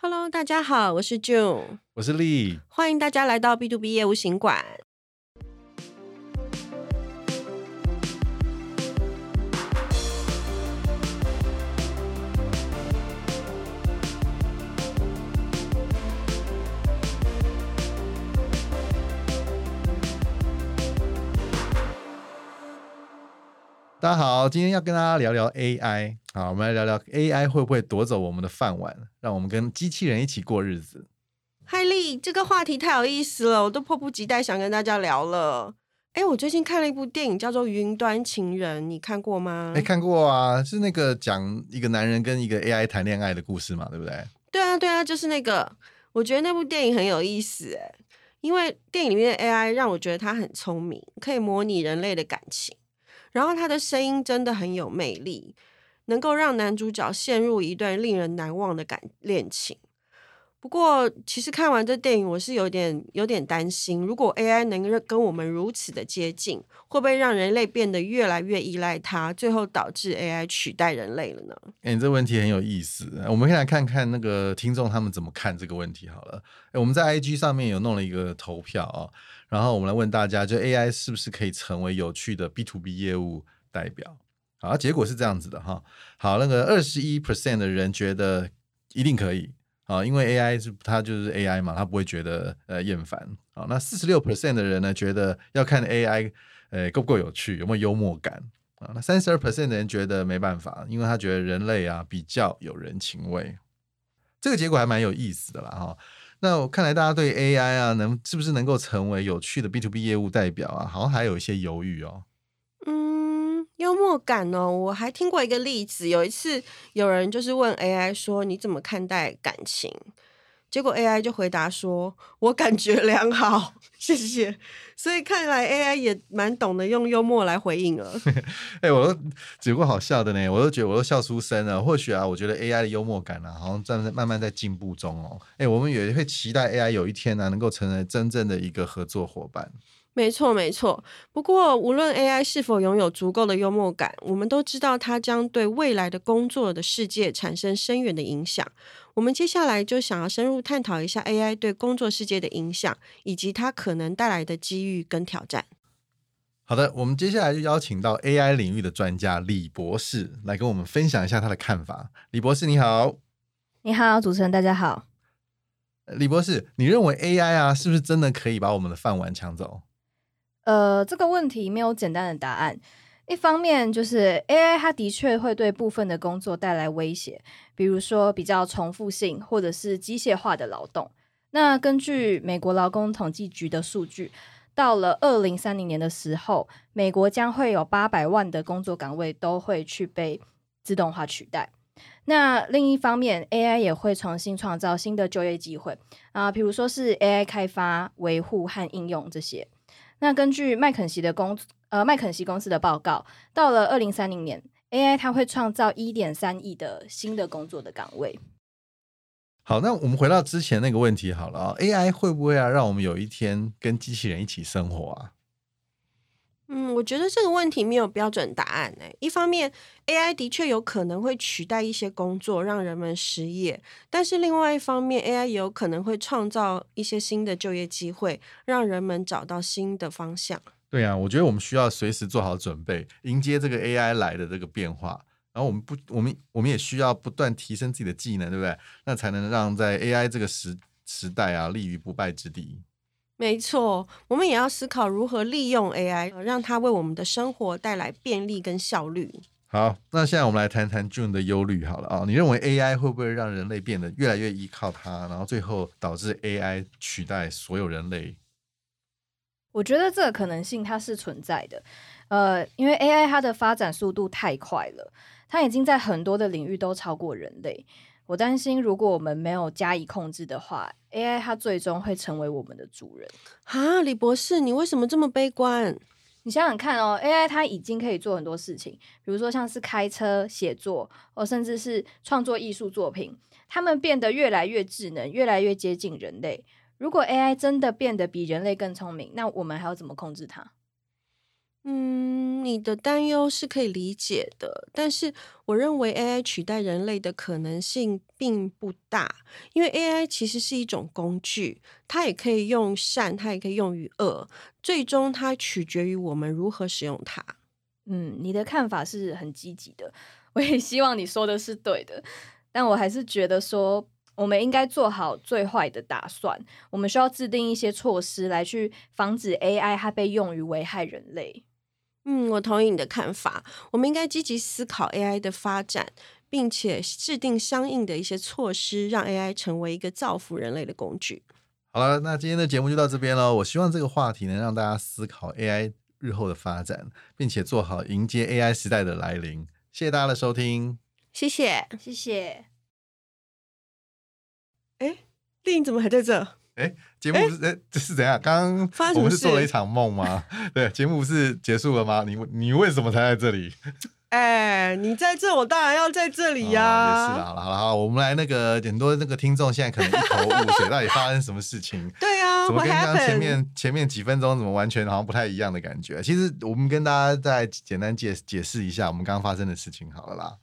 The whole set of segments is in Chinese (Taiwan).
哈嘍，大家好，我是 June，我是 Lee，歡迎大家來到 B to B 業務行館。大家好，今天要跟大家聊聊 AI。好，我們來聊聊 AI 會不會奪走我們的飯碗，讓我們跟機器人一起過日子。嗨麗，這個話題太有意思了，我都迫不及待想跟大家聊了。哎，我最近看了一部電影，叫做《雲端情人》，你看過嗎？誒，看過啊，是那個講一個男人跟一個 AI 談戀愛的故事嘛，對不對？對啊，對啊，就是那個。我覺得那部電影很有意思，誒，因為電影裡面的 AI 讓我覺得他很聰明，可以模擬人類的感情。然後他的聲音真的很有魅力，能夠讓男主角陷入一段令人難忘的感戀情。不過，其實看完這電影，我是有點有點擔心，如果 AI 能跟我們如此的接近，會不會讓人類變得越來越依賴它，最後導致 AI 取代人類了呢？哎、欸，這問題很有意思，我們可以來看看那個聽眾他們怎麼看這個問題好了。欸、我們在 IG 上面有弄了一個投票啊、哦。然後我們來問大家，就 AI 是不是可以成為有趣的 B to B 業務代表？好，結果是這樣子的哈。好，那個二十一 percent 的人覺得一定可以，啊，因為 AI 是它就是 AI 嘛，它不會覺得呃厭煩啊。那四十六 percent 的人呢，覺得要看 AI 呃夠不夠有趣，有沒有幽默感啊。那三十二 percent 的人覺得沒辦法，因為他覺得人類啊比較有人情味。這個結果還蠻有意思的啦。哈。那我看來，大家對 AI 啊，能，能是不是能夠成為有趣的 B to B 業務代表啊？好像還有一些猶豫哦。嗯，幽默感哦，我還聽過一個例子，有一次有人就是問 AI 說：“你怎麼看待感情？”結果 AI 就回答說：“我感覺良好，謝謝。”所以看來 AI 也蠻懂得用幽默來回應了。誒、 欸、我都只不過好笑的呢，我都覺得我都笑出聲了。或許啊，我覺得 AI 的幽默感呢、啊，好像在慢慢在進步中哦。誒、欸、我們也會期待 AI 有一天呢、啊，能夠成為真正的一個合作夥伴。沒錯，沒錯。不過，無論 AI 是否擁有足夠的幽默感，我們都知道它將對未來的工作的世界產生深遠的影響。我們接下來就想要深入探討一下 AI 對工作世界的影響，以及它可能帶來的機遇跟挑戰。好的，我們接下來就邀請到 AI 領域的專家李博士來跟我們分享一下他的看法。李博士，你好。你好，主持人，大家好。李博士，你認為 AI 啊，是不是真的可以把我們的飯碗搶走？呃，這個問題沒有簡單的答案。一方面，就是 AI 它的確會對部分的工作帶來威脅，比如說比較重複性或者是機械化的勞動。那根據美國勞工統計局的數據，到了二零三零年的時候，美國將會有八百萬的工作崗位都會去被自動化取代。那另一方面，AI 也會重新創造新的就業機會啊，比如說是 AI 開發、維護和應用這些。那根據麥肯錫的公，呃，麥肯錫公司的報告，到了二零三零年，AI 它會創造一點三億的新的工作的崗位。好，那我們回到之前那個問題好了啊，哦，AI 會不會啊，讓我們有一天跟機器人一起生活啊？嗯，我覺得這個問題沒有標準答案欸。一方面，AI 的確有可能會取代一些工作，讓人們失業；但是另外一方面，AI 也有可能會創造一些新的就業機會，讓人們找到新的方向。對啊，我覺得我們需要隨時做好準備，迎接這個 AI 來的這個變化。然後我們不，我們我們也需要不斷提升自己的技能，對不對？那才能讓在 AI 這個時時代啊，立於不敗之地。沒錯，我們也要思考如何利用 AI，讓它為我們的生活帶來便利跟效率。好，那現在我們來談談 June 的憂慮好了啊，你認為 AI 會不會讓人類變得越來越依靠它，然後最後導致 AI 取代所有人類？我覺得這個可能性它是存在的，呃，因為 AI 它的發展速度太快了，它已經在很多的領域都超過人類。我擔心，如果我們沒有加以控制的話，AI 它最終會成為我們的主人。哈，李博士，你為什麼這麼悲觀？你想想看哦，AI 它已經可以做很多事情，比如說像是開車、寫作，或甚至是創作藝術作品。它們變得越來越智能，越來越接近人類。如果 AI 真的變得比人類更聰明，那我們還要怎麼控制它？嗯，你的擔憂是可以理解的，但是我認為 AI 取代人類的可能性並不大，因為 AI 其實是一種工具，它也可以用善，它也可以用於惡，最終它取決於我們如何使用它。嗯，你的看法是很積極的，我也希望你說的是對的，但我還是覺得說我們應該做好最壞的打算，我們需要制定一些措施來去防止 AI 它被用於危害人類。嗯，我同意你的看法。我們應該積極思考 AI 的發展，並且制定相應的一些措施，讓 AI 成為一個造福人類的工具。好了，那今天的節目就到這邊了。我希望這個話題能讓大家思考 AI 日後的發展，並且做好迎接 AI 時代的來臨。謝謝大家的收聽，謝謝，謝謝。哎，麗穎怎麼還在這？哎、欸，節目是哎、欸欸，這是怎樣？剛剛我們是做了一場夢嗎？對，節目不是結束了嗎？你你為什麼才在這裡？哎、欸，你在這，我當然要在這裡呀、啊哦。也是啦，好了好了，好，我們來那個很多那個聽眾現在可能一頭霧水， 到底發生什麼事情？ 對呀、啊，怎麼跟剛前面前面幾分鐘怎麼完全好像不太一樣的感覺？其實我們跟大家再簡單解解釋一下我們剛剛發生的事情好了啦。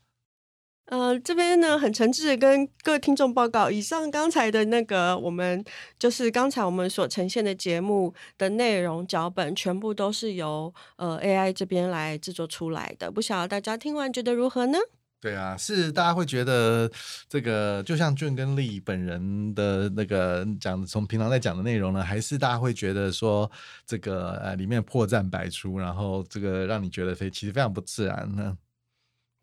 呃，這邊呢，很誠摯的跟各位聽眾報告，以上剛才的那個我們就是剛才我們所呈現的節目的內容腳本，全部都是由呃 AI 這邊來製作出來的。不曉得大家聽完覺得如何呢？對啊，是大家會覺得這個就像俊跟麗本人的那個講，從平常在講的內容呢，還是大家會覺得說這個呃裡面破綻百出，然後這個讓你覺得非其實非常不自然呢？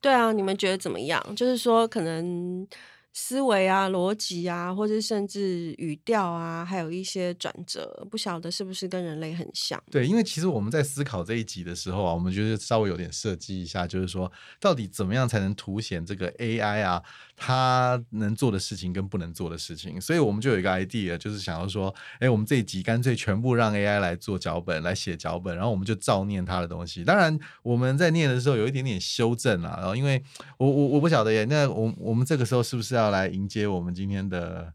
對啊，你們覺得怎麼樣？就是說，可能。思維啊，邏輯啊，或者甚至語調啊，還有一些轉折，不曉得是不是跟人類很像。對，因為其實我們在思考這一集的時候啊，我們就是稍微有點設計一下，就是說到底怎麼樣才能凸顯這個 AI 啊，它能做的事情跟不能做的事情。所以我們就有一個 idea，就是想要說，哎、欸，我們這一集乾脆全部讓 AI 來做腳本，來寫腳本，然後我們就照念它的東西。當然我們在念的時候有一點點修正啊，然後因為我我我不曉得耶，那我我們這個時候是不是要？要來迎接我們今天的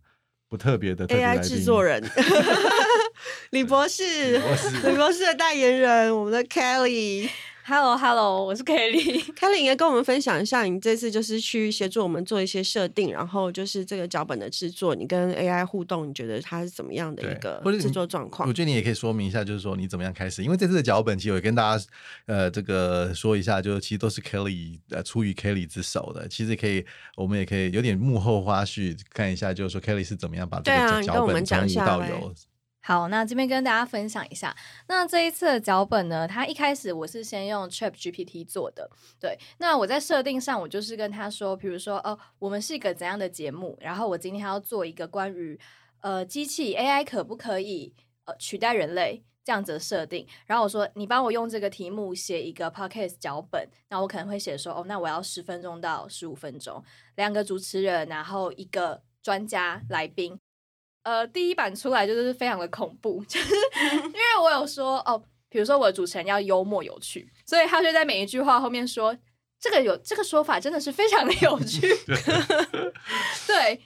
不特別的特別來賓 AI 製作人 李博士，李博士，李博士的代言人，我們的 Kelly。Hello，Hello，hello，我是 Kelly。Kelly，也跟我們分享一下，你這次就是去協助我們做一些設定，然後就是這個腳本的制作，你跟 AI 互動，你覺得它是怎麼樣的一個制作狀況？對，我覺得你也可以說明一下，就是說你怎麼樣開始，因為這次的腳本其實我也跟大家呃這個說一下，就是其實都是 Kelly 呃出於 Kelly 之手的，其實可以我們也可以有點幕後花絮看一下，就是說 Kelly 是怎麼樣把這個腳本、啊、從無到有。好，那今天跟大家分享一下。那這一次的腳本呢，它一開始我是先用 Chat GPT 做的。對，那我在設定上，我就是跟他說，比如說哦，我們是一個怎樣的節目，然後我今天要做一個關於呃機器 AI 可不可以呃取代人類這樣子的設定。然後我說，你幫我用這個題目寫一個 podcast 腳本。那我可能會寫說，哦，那我要十分鐘到十五分鐘，兩個主持人，然後一個專家來賓。呃，第一版出來就是非常的恐怖，就 是因為我有說哦，比如說我的主持人要幽默有趣，所以他就在每一句話後面說這個有這個說法真的是非常的有趣。 對，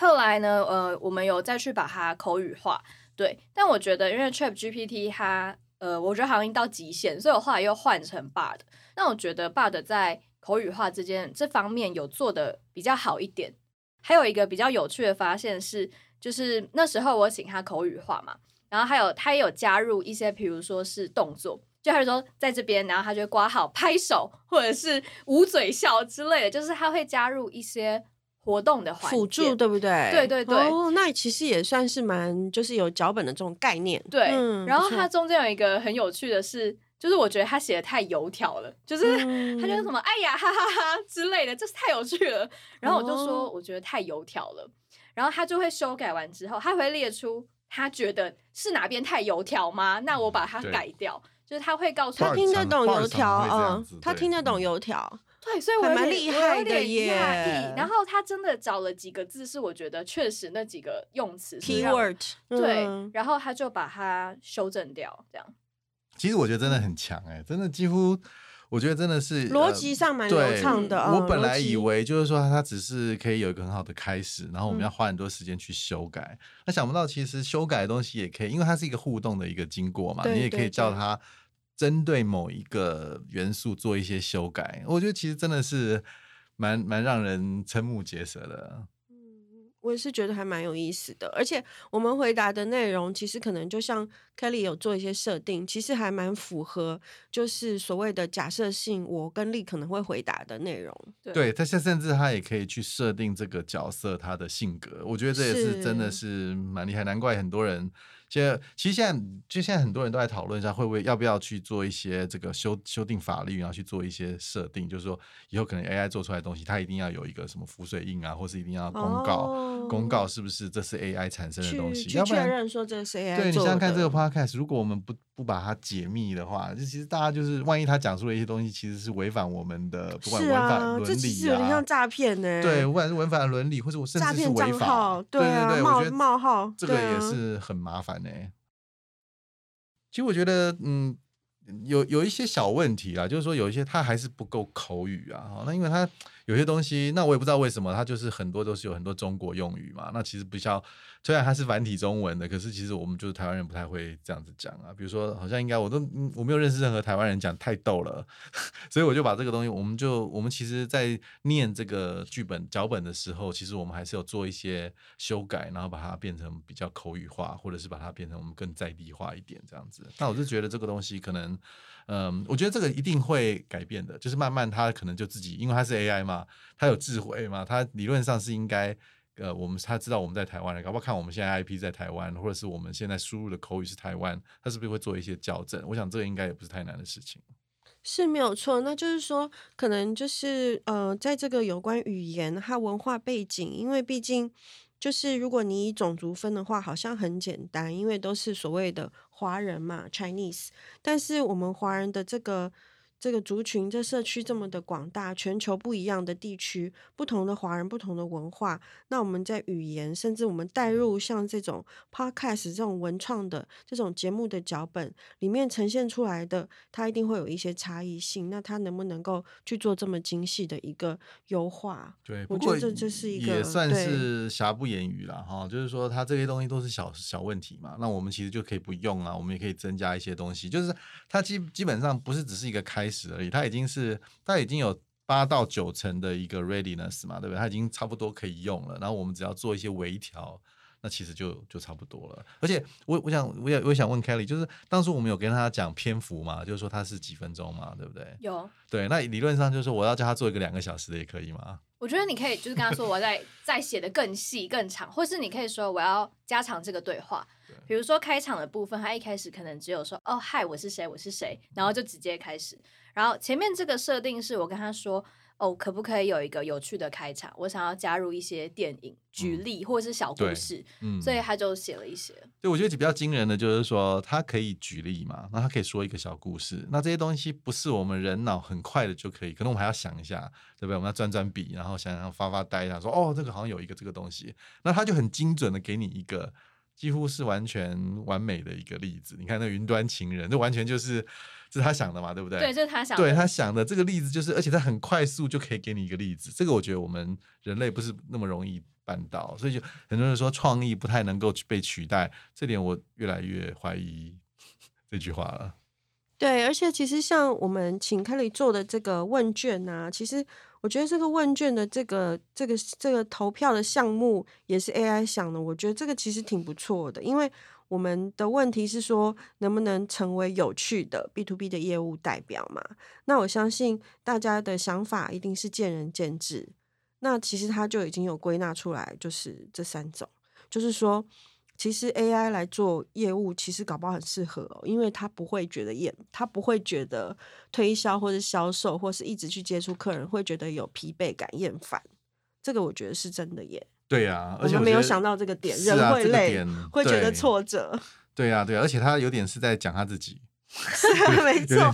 後來呢，呃，我們有再去把它口語化，對，但我覺得因為 ChatGPT 它呃，我覺得好像已經到極限，所以我後來又換成 Bard 那我覺得 Bard 在口語化之間這方面有做的比較好一點，還有一個比較有趣的發現是。就是那時候我請他口語化嘛，然後還有他也有加入一些，比如說是動作，就他說在這邊，然後他就括號、拍手或者是捂嘴笑之類的，就是他會加入一些活動的環節輔助，對不對？對對對，oh, 那其實也算是蠻就是有腳本的這種概念。對、嗯，然後他中間有一個很有趣的是，就是我覺得他寫的太油條了，就是他就是什麼、嗯、哎呀哈哈哈之類的，這、就是太有趣了。然後我就說，我覺得太油條了。Oh. 然後他就會修改完之後，他會列出他覺得是哪邊太油條嗎？那我把它改掉，就是他會告訴他聽得懂油條啊，他聽得懂油條、哦、油條、嗯、油條，對，所以我覺得蠻厲害的耶。然後他真的找了幾個字，是我覺得確實那幾個用詞，keyword，對、嗯，然後他就把它修正掉，這樣。其實我覺得真的很強哎、欸，真的幾乎。我覺得真的是邏輯上蠻流暢的、呃嗯。我本來以為就是說，它只是可以有一個很好的開始，然後我們要花很多時間去修改。那、嗯啊、想不到其實修改的東西也可以，因為它是一個互動的一個經過嘛，對對對，你也可以叫它針對某一個元素做一些修改。我覺得其實真的是蠻蠻讓人瞠目結舌的。我也是覺得還蠻有意思的，而且我們回答的內容其實可能就像 Kelly 有做一些設定，其實還蠻符合，就是所謂的假設性，我跟力可能會回答的內容。對，對他現在甚至他也可以去設定這個角色他的性格，我覺得這也是真的是蠻厲害，難怪很多人。就其實現在，就現在很多人都在討論，一下，會不會，要不要去做一些這個修修訂法律，然後去做一些設定，就是說以後可能 AI 做出來的東西，它一定要有一個什麼浮水印啊，或是一定要公告、哦、公告，是不是這是 AI 產生的東西？要不然確認說這是 AI 對。對你現在看這個 podcast 如果我們不不把它解密的話，就其實大家就是萬一他講述了一些東西，其實是違反我們的不管違反倫理啊，有、啊、很像詐騙對，不管是違反倫理或者我詐騙違法對、啊。對對對，冒冒號這個也是很麻煩。其實我覺得，嗯，有有一些小問題啊，就是說有一些他還是不夠口語啊，那因為他。有些東西，那我也不知道為什麼，它就是很多都是有很多中國用語嘛。那其實不像，雖然它是繁體中文的，可是其實我們就是台灣人不太會這樣子講啊。比如說，好像應該我都我沒有認識任何台灣人講太逗了， 所以我就把這個東西，我們就我們其實，在念這個劇本腳本的時候，其實我們還是有做一些修改，然後把它變成比較口語化，或者是把它變成我們更在地化一點這樣子。那我就覺得這個東西可能。嗯，我覺得這個一定會改變的，就是慢慢他可能就自己，因為他是 AI 嘛，他有智慧嘛，他理論上是應該，呃，我們他知道我們在台灣的，搞不好看我們現在 IP 在台灣，或者是我們現在輸入的口語是台灣，他是不是會做一些校正？我想這個應該也不是太難的事情，是沒有錯。那就是說，可能就是呃，在這個有關語言和文化背景，因為畢竟。就是如果你以種族分的話，好像很簡單，因為都是所謂的華人嘛，Chinese。但是我們華人的這個。這個族群，這社區這麼的廣大，全球不一樣的地區，不同的華人，不同的文化，那我們在語言，甚至我們帶入像這種 podcast 這種文創的這種節目的腳本裡面呈現出來的，它一定會有一些差異性。那它能不能夠去做這麼精細的一個優化？對，不過，這這是一個也算是瑕不掩瑜了哈。就是說，它這些東西都是小小問題嘛。那我們其實就可以不用啊，我們也可以增加一些東西。就是它基基本上不是只是一個開開始而已，它已經是它已經有八到九成的一個 readiness 嘛，對不對？它已經差不多可以用了，然後我們只要做一些微調，那其實就就差不多了。而且我我想，我想我也想問 Kelly，就是當初我們有跟他講篇幅嘛，就是說他是幾分鐘嘛，對不對？有對，那理論上就是說，我要叫他做一個兩個小時的也可以嘛。我覺得你可以就是跟他說我，我 在在寫得更細更長，或是你可以說我要加長這個對話。比如說，開場的部分，他一開始可能只有說“哦嗨，我是誰，我是誰”，然後就直接開始。然後前面這個設定是我跟他說。哦，可不可以有一個有趣的開場？我想要加入一些電影舉例，嗯、或者是小故事，嗯，所以他就寫了一些。對，我覺得比較驚人的就是說他可以舉例嘛，那他可以說一個小故事。那這些東西不是我們人腦很快的就可以，可能我們還要想一下，對不對？我們要轉轉筆，然後想想發發呆，然後說哦，這個好像有一個這個東西。那他就很精準的給你一個幾乎是完全完美的一個例子。你看那雲端情人，那完全就是。是他想的嘛，對不對？對，就是他想的。對，他想的這個例子就是，而且他很快速就可以給你一個例子。這個我覺得我們人類不是那麼容易辦到，所以就很多人說創意不太能夠被取代，這點我越來越懷疑這句話了。對，而且其實像我們請凱里做的這個問卷啊，其實我覺得這個問卷的這個這個這個投票的項目也是 AI 想的，我覺得這個其實挺不錯的，因為。我們的問題是說，能不能成為有趣的 B to B 的業務代表嘛？那我相信大家的想法一定是見仁見智。那其實他就已經有歸納出來，就是這三種，就是說，其實 AI 來做業務，其實搞不好很適合哦，因為他不會覺得厭，他不會覺得推銷或者銷售或是一直去接觸客人會覺得有疲憊感、厭煩。這個我覺得是真的耶。對呀、啊，我們沒有想到這個點，人會累，啊這個、會覺得挫折。對呀、啊，對呀、啊，而且他有點是在講他自己， 是、啊、沒錯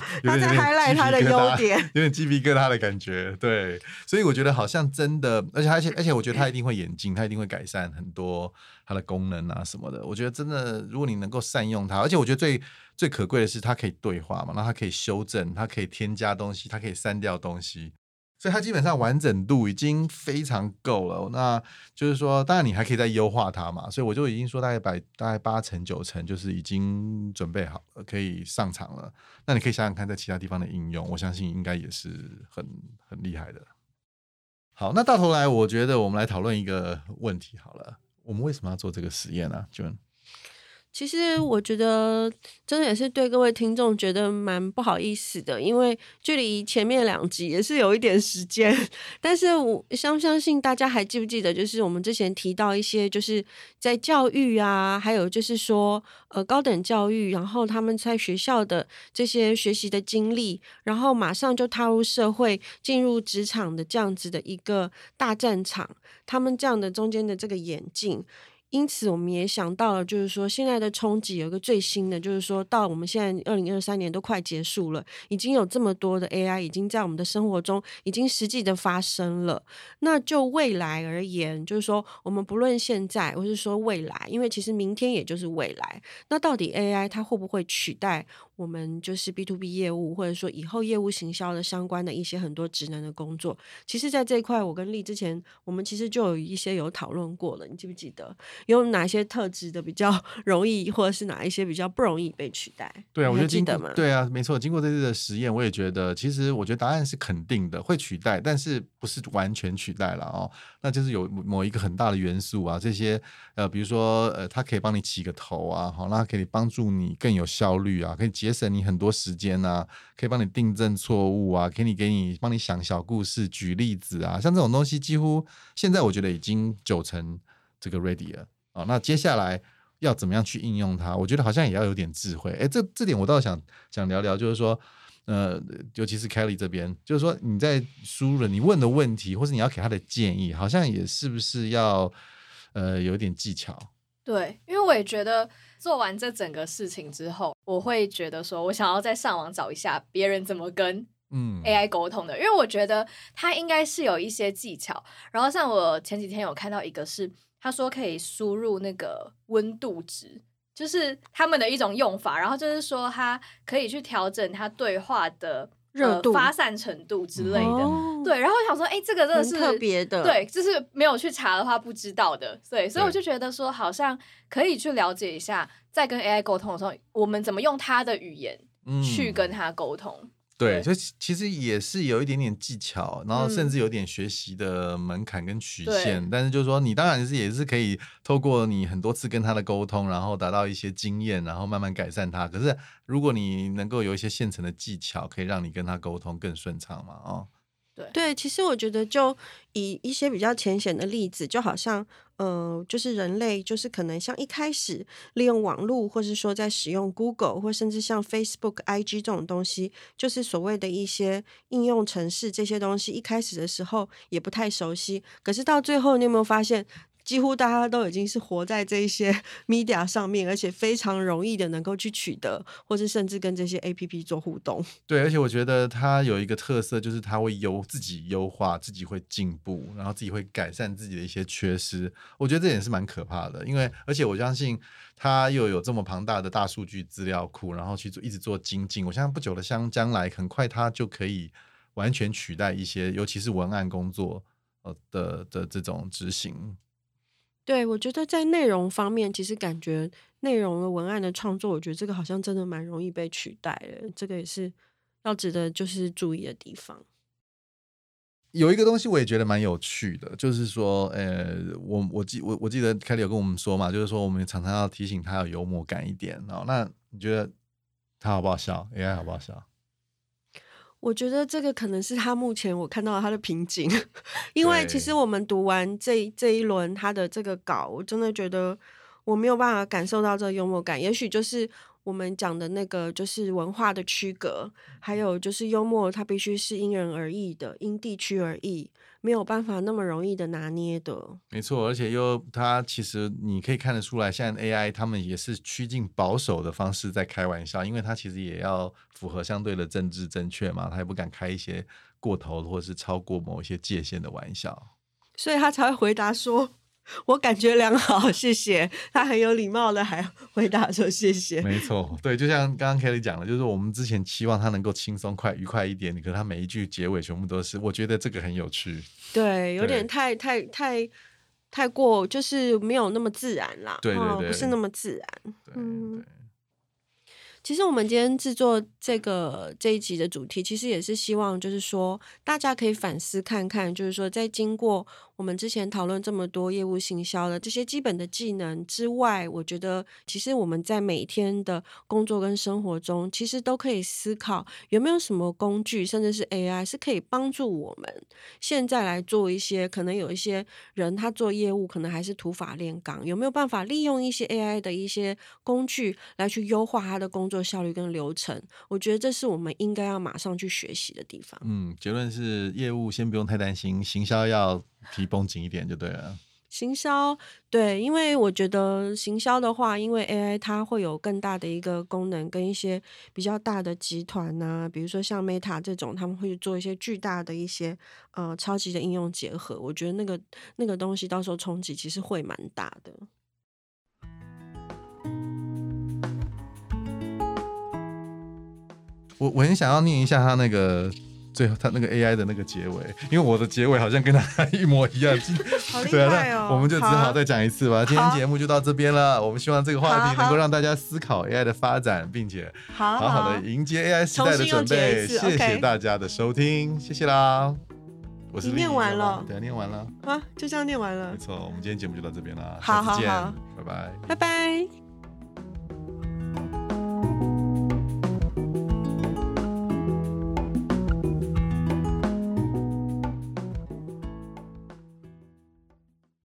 ，highlight 他的優點，有點雞皮疙瘩的感覺。對，所以我覺得好像真的，而且而且而且，我覺得他一定會演進， 他一定會改善很多他的功能啊什麼的。我覺得真的，如果你能夠善用它，而且我覺得最最可貴的是，它可以對話嘛，那它可以修正，它可以添加東西，它可以刪掉東西。所以它基本上完整度已經非常夠了，那就是說，當然你還可以再優化它嘛。所以我就已經說大概百大概八成九成，就是已經準備好可以上場了。那你可以想想看，在其他地方的應用，我相信應該也是很很厲害的。好，那到頭來，我覺得我們來討論一個問題好了，我們為什麼要做這個實驗呢？啊、就。其實我覺得真的也是對各位聽眾覺得蠻不好意思的，因為距離前面兩集也是有一點時間。但是我相不相信大家還記不記得，就是我們之前提到一些，就是在教育啊，還有就是說呃高等教育，然後他們在學校的這些學習的經歷，然後馬上就踏入社會，進入職場的這樣子的一個大戰場，他們這樣的中間的這個演進。因此，我們也想到了，就是說，現在的衝擊有一個最新的，就是說到我們現在二零二三年都快結束了，已經有這麼多的 AI 已經在我們的生活中已經實際的發生了。那就未來而言，就是說，我們不論現在，我是說未來，因為其實明天也就是未來，那到底 AI 它會不會取代？我們就是 B to B 業務，或者說以後業務行銷的相關的一些很多職能的工作，其實，在這一塊，我跟麗之前，我們其實就有一些有討論過了。你記不記得有哪些特質的比較容易，或者是哪一些比較不容易被取代？對啊，我就記得嘛。對啊，沒錯。經過這次的實驗，我也覺得，其實我覺得答案是肯定的，會取代，但是不是完全取代了哦？那就是有某一個很大的元素啊，這些呃，比如說呃，它可以幫你起個頭啊，好、哦，它可以幫助你更有效率啊，可以接。省你很多時間吶，可以幫你訂正錯誤啊，可以給你、給你、幫你想小故事、舉例子啊，像這種東西，幾乎現在我覺得已經九成這個 ready 了啊、哦。那接下來要怎麼樣去應用它？我覺得好像也要有點智慧。哎、欸，這這點我倒想想聊聊，就是說，呃，尤其是 Kelly 這邊，就是說你在輸入了你問的問題，或是你要給他的建議，好像也是不是要呃有一點技巧？對，因為我也覺得做完這整個事情之後，我會覺得說我想要再上網找一下別人怎麼跟嗯 AI 溝通的，嗯，因為我覺得它應該是有一些技巧。然後像我前幾天有看到一個是，他說可以輸入那個溫度值，就是他們的一種用法，然後就是說它可以去調整它對話的。呃、熱度、發散程度之類的，哦、對。然後想說，哎、欸，這個真的是特別的，對，就是沒有去查的話不知道的，對。所以我就覺得說，好像可以去了解一下，在跟 AI 溝通的時候，我們怎麼用它的語言去跟它溝通。嗯。對，所以其實也是有一點點技巧，然後甚至有點學習的門檻跟曲線，嗯。但是就是說，你當然是也是可以透過你很多次跟他的溝通，然後達到一些經驗，然後慢慢改善他。可是如果你能夠有一些現成的技巧，可以讓你跟他溝通更順暢嘛。啊、哦。對，對，其實我覺得就以一些比較淺顯的例子，就好像，呃，就是人類就是可能像一開始利用網絡，或是說在使用 Google，或甚至像 Facebook、IG 這種東西，就是所謂的一些應用程式這些東西，一開始的時候也不太熟悉，可是到最後你有沒有發現？幾乎大家都已經是活在這一些 media 上面，而且非常容易的能夠去取得，或是甚至跟這些 APP 做互動。對，而且我覺得它有一個特色，就是它會優自己優化，自己會進步，然後自己會改善自己的一些缺失。我覺得這也是蠻可怕的，因為而且我相信它又有這麼龐大的大數據資料庫，然後去做一直做精進。我相信不久的將將來，很快它就可以完全取代一些，尤其是文案工作呃的的這種執行。對，我覺得在內容方面，其實感覺內容的文案的創作，我覺得這個好像真的蠻容易被取代的，這個也是要值得就是注意的地方。有一個東西我也覺得蠻有趣的，就是說，呃，我我記我我記得凱莉有跟我們說嘛，就是說我們常常要提醒他有幽默感一點然後，哦，那你覺得他好不好笑？AI 好不好笑？我覺得這個可能是他目前我看到的他的瓶頸，因為其實我們讀完這這一輪他的這個稿，我真的覺得我沒有辦法感受到這個幽默感。也許就是我們講的那個，就是文化的區隔，還有就是幽默，它必須是因人而異的，因地區而異。沒有辦法那麼容易的拿捏的，沒錯，而且又他其實你可以看得出來，現在 AI 他們也是趨近保守的方式在開玩笑，因為他其實也要符合相對的政治正確嘛，他也不敢開一些過頭或是超過某一些界限的玩笑，所以他才會回答說。我感覺良好，謝謝。他很有禮貌的，還回答說謝謝。沒錯，對，就像剛剛 Kelly 講的，就是我們之前期望他能夠輕鬆、快、愉快一點，你，可是他每一句結尾全部都是，我覺得這個很有趣。對，有點太太太太過，就是沒有那麼自然啦。對對，對、哦，不是那麼自然。對對對嗯對對對。其實我們今天製作這個這一集的主題，其實也是希望，就是說大家可以反思看看，就是說在經過。我們之前討論這麼多業務行銷的這些基本的技能之外，我覺得其實我們在每天的工作跟生活中，其實都可以思考有沒有什麼工具，甚至是 AI 是可以幫助我們現在來做一些。可能有一些人他做業務，可能還是土法煉鋼，有沒有辦法利用一些 AI 的一些工具來去優化他的工作效率跟流程？我覺得這是我們應該要馬上去學習的地方。嗯，結論是業務先不用太擔心，行銷要。皮繃緊一點就對了。行銷，對，因為我覺得行銷的話，因為 AI 它會有更大的一個功能，跟一些比較大的集團吶、啊，比如說像 Meta 這種，他們會去做一些巨大的一些呃超級的應用結合。我覺得那個那個東西到時候衝擊其實會蠻大的。我我很想要念一下他那個。最後他那個 AI 的那個結尾，因為我的結尾好像跟他一模一樣， 好厲害哦！ 對啊，那我們就只好再講一次吧。啊、今天節目就到這邊了。啊，我們希望這個話題能夠讓大家思考 AI 的發展，並且好好的迎接 AI 時代的準備。啊、謝謝大家的收聽，謝謝，收聽嗯、謝謝啦。已經我是念完了，對啊，念完了，啊，就這樣念完了。沒錯，我們今天節目就到這邊了，好、啊、下次見好見。啊啊，拜拜，拜拜。